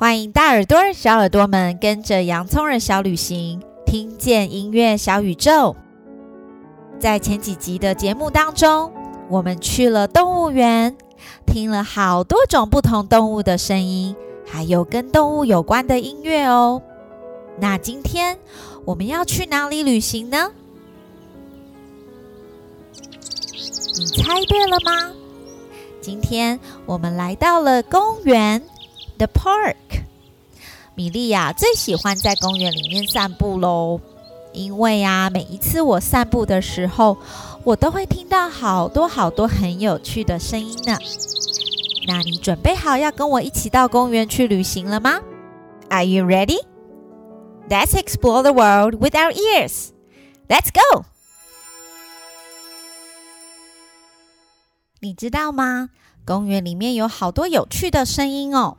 歡迎大耳朵、小耳朵們跟着洋蔥耳小旅行，聽見音樂小宇宙。在前幾集的節目當中，我們去了動物園，聽了好多種不同動物的聲音，還有跟動物有關的音樂哦。那今天我們要去哪裡旅行呢？你猜對了嗎？今天我們來到了公園，the park。米莉呀、啊，最喜歡在公園裡面散步嘍。因為呀、啊，每一次我散步的時候，我都會聽到好多好多很有趣的聲音呢。那你準備好要跟我一起到公園去旅行了嗎？Are you ready? Let's explore the world with our ears. Let's go! 你知道嗎？公園裡面有好多有趣的聲音哦。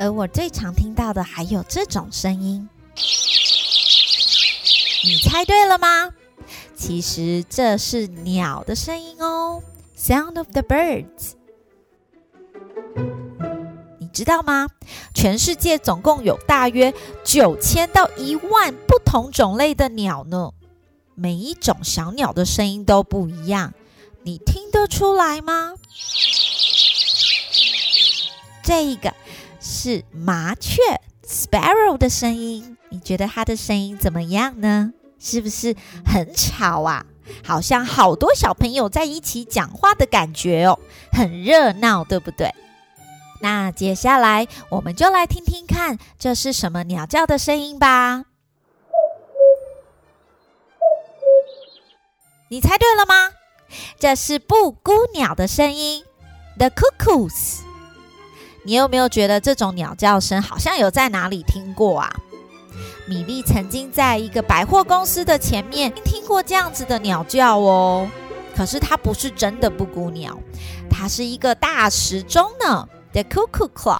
而我最常聽到的還有這種聲音，你猜對了嗎？其實這是鳥的聲音哦，Sound of the birds。你知道嗎？全世界總共有大約九千到一萬不同種類的鳥呢。每一種小鳥的聲音都不一樣，你聽得出來嗎？這個。是麻雀 （sparrow） 的聲音，你覺得它的聲音怎麼樣呢？是不是很吵啊？好像好多小朋友在一起講話的感覺哦，很熱鬧，對不對？那接下來我們就來聽聽看這是什麼鳥叫的聲音吧。你猜對了嗎？這是布谷鳥的聲音 （the cuckoos）。你有沒有覺得這種鳥叫聲好像有在哪裡聽過啊？米莉曾經在一個百貨公司的前面聽過這樣子的鳥叫哦，可是它不是真的布谷鳥，它是一個大時鐘呢，the cuckoo clock。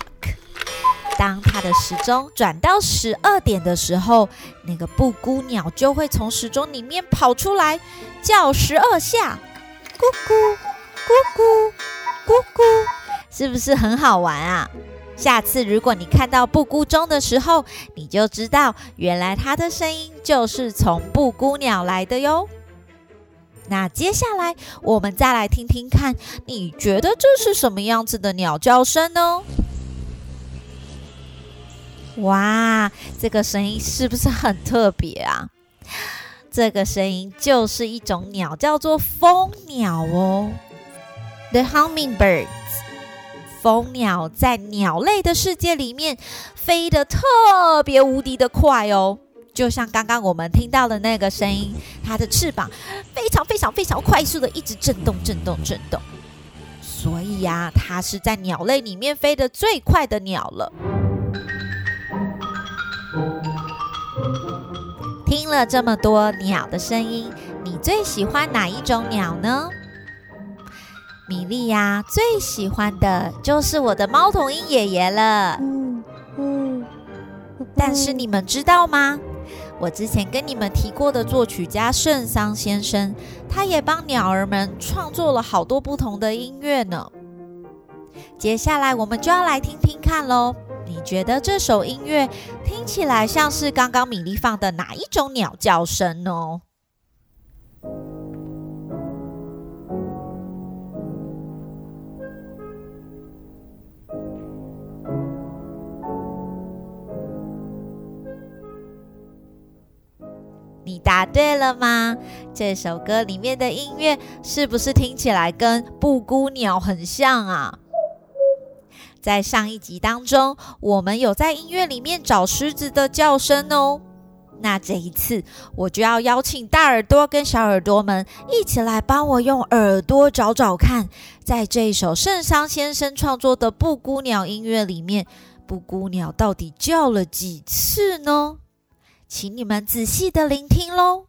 當它的時鐘轉到十二點的時候，那個布谷鳥就會從時鐘裡面跑出來叫十二下，咕咕咕咕咕咕。咕咕是不是很好玩啊？下次如果你看到布谷鐘的時候，你就知道原來它的聲音就是從布谷鳥來的喲。那接下來我們再來聽聽看，你覺得這是什麼樣子的鳥叫聲呢？哇，這個聲音是不是很特別啊？這個聲音就是一種鳥，叫做蜂鳥哦。The Hummingbirds。蜂鳥在鳥類的世界裡面飛得特別無敵的快哦，就像剛剛我們聽到的那個聲音，它的翅膀非常非常非常快速的一直震動震動震動，所以呀、啊，它是在鳥類裡面飛得最快的鳥了。聽了這麼多鳥的聲音，你最喜歡哪一種鳥呢？米莉呀，啊，最喜歡的就是我的貓頭鷹爺爺了。嗯嗯嗯，但是你們知道嗎？我之前跟你們提過的作曲家聖桑先生，他也幫鳥兒們創作了好多不同的音樂呢。接下來我們就要來聽聽看嘍。你覺得這首音樂聽起來像是剛剛米莉放的哪一種鳥叫聲呢？你答對了嗎？這首歌裡面的音樂是不是聽起來跟布谷鳥很像啊？在上一集當中，我們有在音樂裡面找獅子的叫聲哦。那這一次，我就要邀請大耳朵跟小耳朵們一起來幫我用耳朵找找看，在這首聖桑先生創作的布谷鳥音樂裡面，布谷鳥到底叫了幾次呢？請你們仔細地聆聽囉。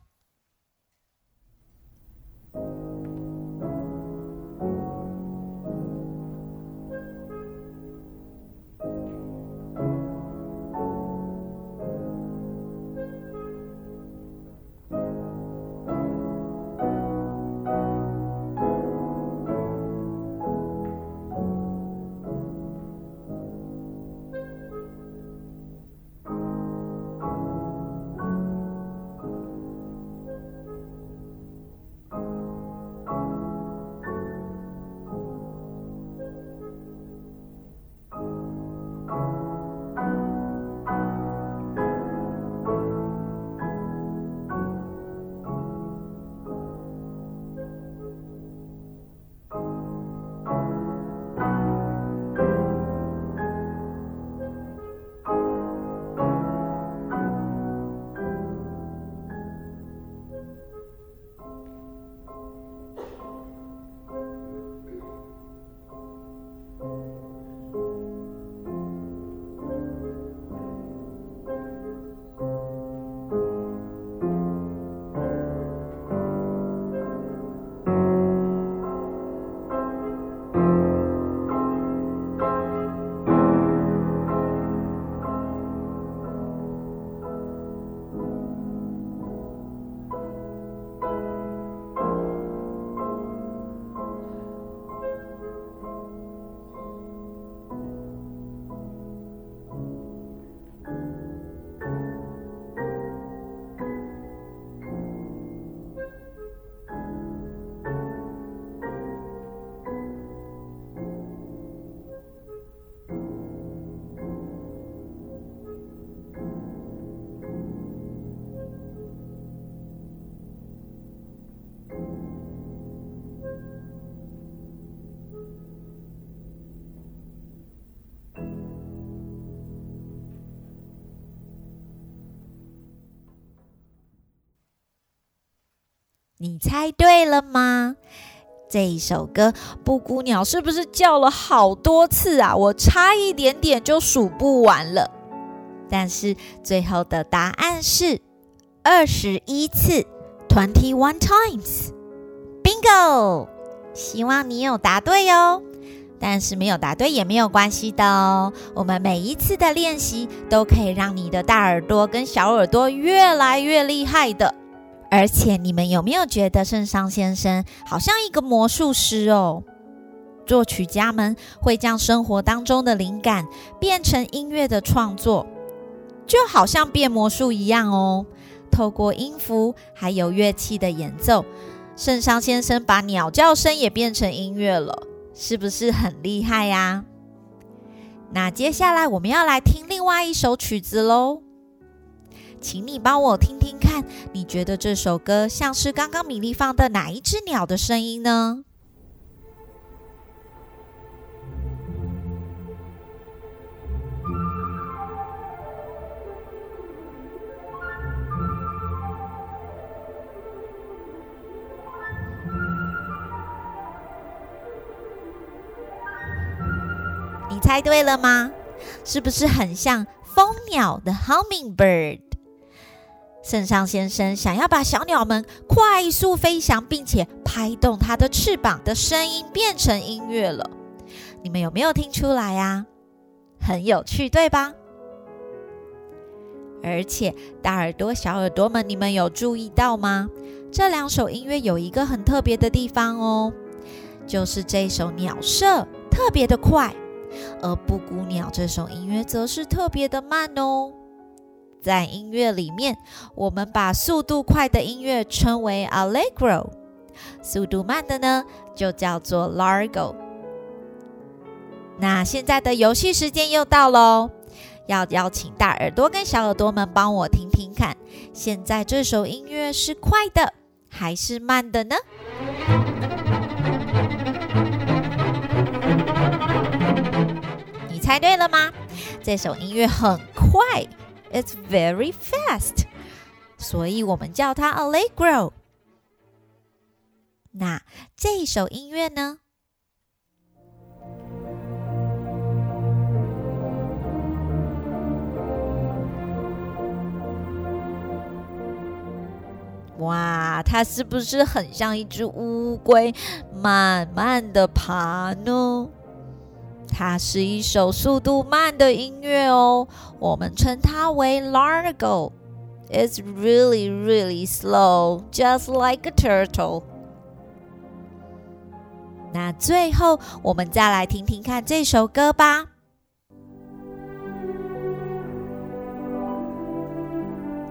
你猜對了嗎？這一首歌布穀鳥是不是叫了好多次啊？我差一點點就數不完了。但是最後的答案是二十一次，twenty one times，Bingo！希望你有答對哦。但是沒有答對也沒有關係的哦。我們每一次的練習都可以讓你的大耳朵跟小耳朵越來越厲害的。而且你們有沒有覺得聖桑先生好像一個魔術師哦？作曲家們會將生活當中的靈感變成音樂的創作，就好像變魔術一樣哦。透過音符還有樂器的演奏，聖桑先生把鳥叫聲也變成音樂了，是不是很厲害呀、啊？那接下來我們要來聽另外一首曲子嘍，請你幫我聽聽。看你覺得這首歌像是剛剛米粒放的哪一隻鳥的聲音呢？你猜對了嗎？是不是很像蜂鳥的 Hummingbird？聖桑先生想要把小鳥們快速飛翔，並且拍動它的翅膀的聲音變成音樂了。你們有沒有聽出來呀、啊？很有趣，對吧？而且大耳朵、小耳朵們，你們有注意到嗎？這兩首音樂有一個很特別的地方哦，就是這首《鳥舍》特別的快，而《布穀鳥》這首音樂則是特別的慢哦。在音樂裡面，我們把速度快的音樂稱為 Allegro，速度慢的呢就叫做 Largo。那現在的遊戲時間又到嘍，要邀請大耳朵跟小耳朵們幫我聽聽看，現在這首音樂是快的還是慢的呢？你猜對了嗎？這首音樂很快。It's very fast，所以我們叫它 Allegro。那這一首音樂呢？哇，它是不是很像一隻烏龜慢慢的爬呢？它是一首速度慢的音樂哦，我們稱它為 Largo。It's really, really slow, just like a turtle。那最後，我們再來聽聽看這首歌吧。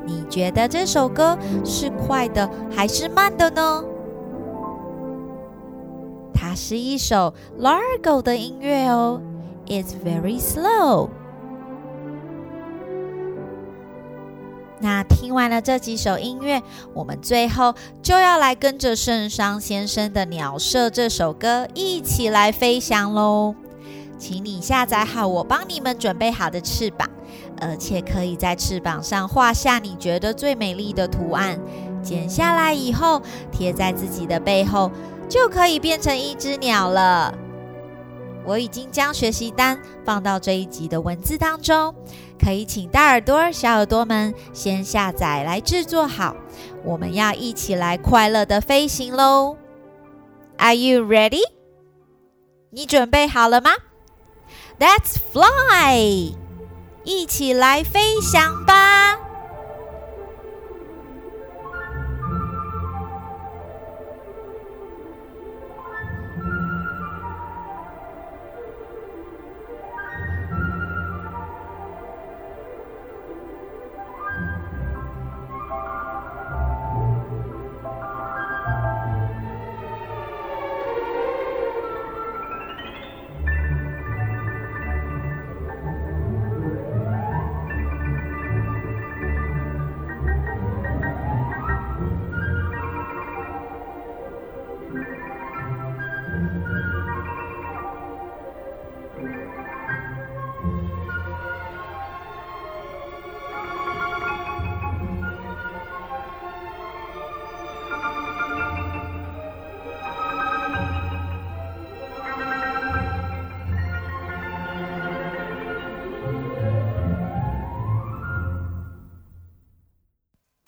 你覺得這首歌是快的還是慢的呢？它是一首 Largo 的音樂哦，It's very slow。那聽完了這幾首音樂，我們最後就要來跟着聖桑先生的《鳥舍》這首歌一起來飛翔嘍！請你下載好我幫你們準備好的翅膀，而且可以在翅膀上畫下你覺得最美麗的圖案，剪下來以後貼在自己的背後。就可以變成一隻鳥了。我已經將學習單放到這一集的文字當中，可以請大耳朵、小耳朵們先下載來制作好。我們要一起來快樂的飛行嘍！Are you ready？你準備好了嗎？Let's fly！一起來飛翔吧！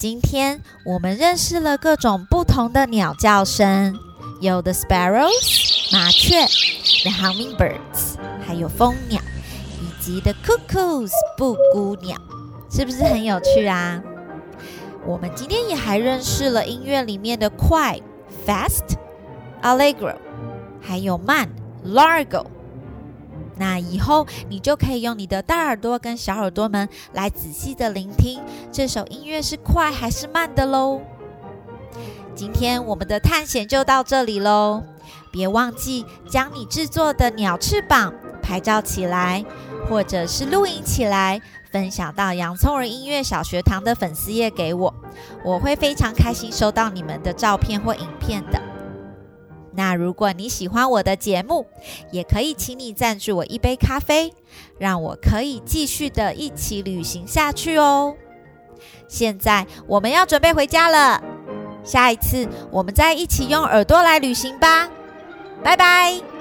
今天我們認識了各種不同的鳥叫聲，有 the sparrows、麻雀、the hummingbirds，還有蜂鳥，以及 the cuckoos、布穀鳥，是不是很有趣啊？我們今天也還認識了音樂裡面的快 fast、allegro，還有慢 largo。Lar go，那以後，你就可以用你的大耳朵跟小耳朵們來仔細的聆聽這首音樂是快還是慢的嘍。今天我們的探險就到這裡嘍，別忘記將你制作的鳥翅膀拍照起來，或者是錄影起來，分享到洋蔥耳音樂小學堂的粉絲頁給我，我會非常開心收到你們的照片或影片的。那如果你喜歡我的節目，也可以請你贊助我一杯咖啡，讓我可以繼續的一起旅行下去哦。現在我們要準備回家了，下一次我們再一起用耳朵來旅行吧，拜拜。